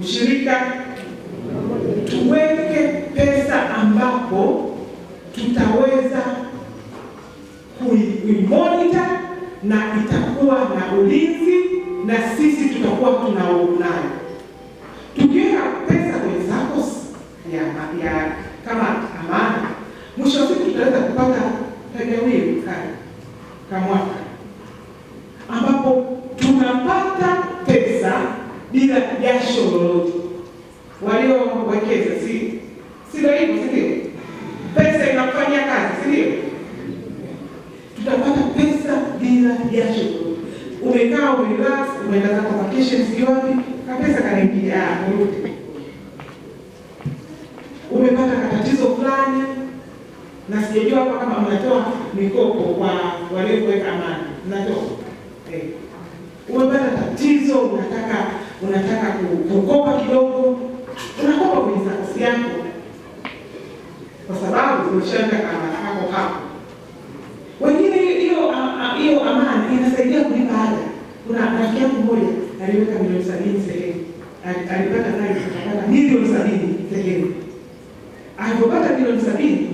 ushirika, tuweke pesa ambapo tutaweza kuimonita na itakuwa na ulinzi na sisi tutakuwa tunaonayo. Tukiweka pesa kwenye SACCOS ya, ya kama Amana, mwisho wa siku tutaweza kupata pegawili kama kuwekeza, si si Hivyo si ndio? Pesa inafanya kazi, si ndio? Tutapata pesa bila jasho. Umekaa umerelax, umeenda zako vacation, na pesa kanaingia kurudi. Umepata katatizo fulani, na sijajua hapa kama mnatoa mikopo kwa wale kuweka amani, mnatoa eh. Umepata tatizo, unataka unataka kukopa kidogo sababu tumeshaenda hapo hapo. Wengine hiyo amana inasaidia kulipa ada. Kuna rafiki yangu mmoja aliweka milioni sabini sehemu, alipata naye akapata milioni sabini sehemu. Alipopata milioni sabini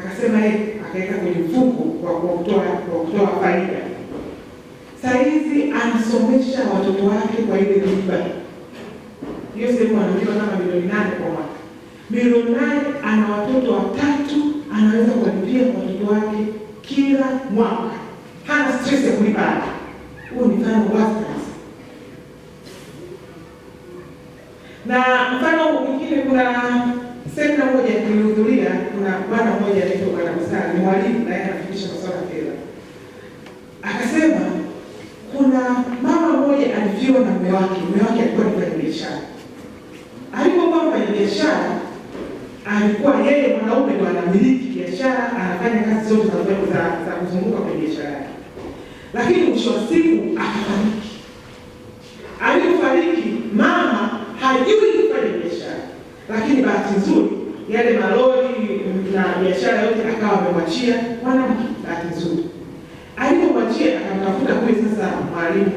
akasema yeye akaweka kwenye mfuko wa kutoa kwa kutoa faida. Saa hizi anasomesha watoto wake kwa ile riba hiyo, sehemu analipa kama milioni nane kwa mwaka Milionari ana watoto watatu, anaweza kuwalipia watoto wake kila mwaka, hana stress ya kulipa Huo ni mfano stress. Na mfano mwingine, kuna semina moja nilihudhuria, kuna bwana mmoja anaitwa Bwana ni mwalimu naye anafundisha masuala ya fedha, akasema kuna mama mmoja alivyo na mume wake. Mume wake alikuwa ni mfanyabiashara alikuwa yeye mwanaume ndo anamiliki biashara, anafanya kazi zote za za kuzunguka kwenye biashara yake, lakini mwisho wa siku akafariki. Alipofariki mama hajui kufanya biashara, lakini bahati nzuri yale malori na biashara yote akawa amemwachia mwanamke. Bahati nzuri alipomwachia akamtafuta huyu sasa mwalimu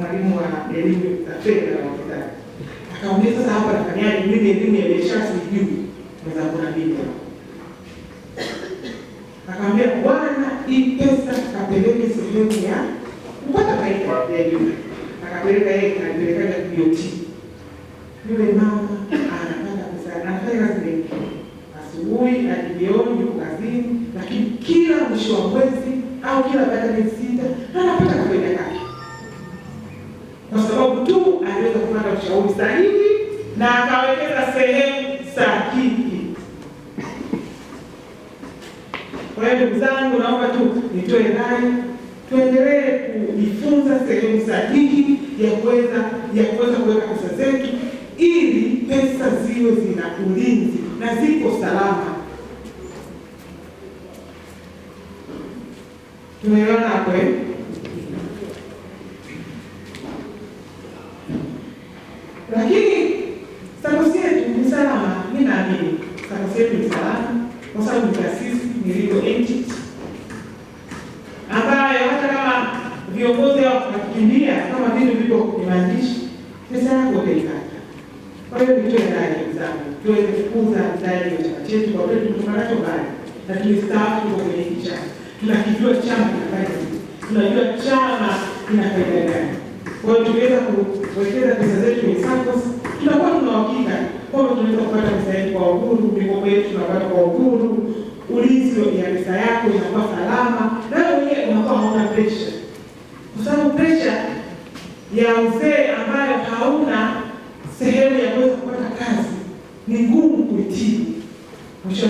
mwalimu wa elimu za fedha na ufisadi, akaongea sasa, hapa nafanyaje? Mimi elimu ya biashara sijui sasa kuna bibi Akamwambia bwana, hii pesa kapeleke sehemu ya kupata faida ya juu. Akapeleka yeye, akapeleka kwa BOT. Yule mama anapata pesa, na anafanya kazi asubuhi na jioni, yuko kazini, lakini kila mwisho wa mwezi au kila baada ya miezi sita anapata faida yake, kwa sababu tu aliweza kupata ushauri sahihi na ndugu zangu, naomba tu nitoe rai, tuendelee kujifunza sehemu sahihi ya kuweza ya kuweza kuweka pesa zetu, ili pesa ziwe zina ulinzi na ziko salama. Tumeona hapo eh? Lakini SACCOS yetu ni salama, mimi naamini SACCOS yetu ni salama kwa sababu ni taasisi vilivyo nchi ambayo hata kama viongozi hao wakikimbia kama vitu vilivyo kwenye maandishi, pesa yangu wataipata. Kwa hiyo ndicho ndio zangu tuweze kukuza zaidi ya chama chetu, kwa kweli tunatokanacho mbali na tumestaafu kwa kwenye hiki chama, tunakijua chama kinafanya nini, tunajua chama kina faida gani. Kwa hiyo tukiweza kuwekeza pesa zetu kwenye SACCOS tunakuwa tuna uhakika kwamba tunaweza kupata pesa yetu kwa uhuru, mikopo yetu tunapata kwa uhuru unakuwa salama, na wewe mwenyewe unakuwa hauna pressure, kwa sababu pressure ya uzee ambayo hauna sehemu ya kuweza kupata kazi ni ngumu kuitibu mwisho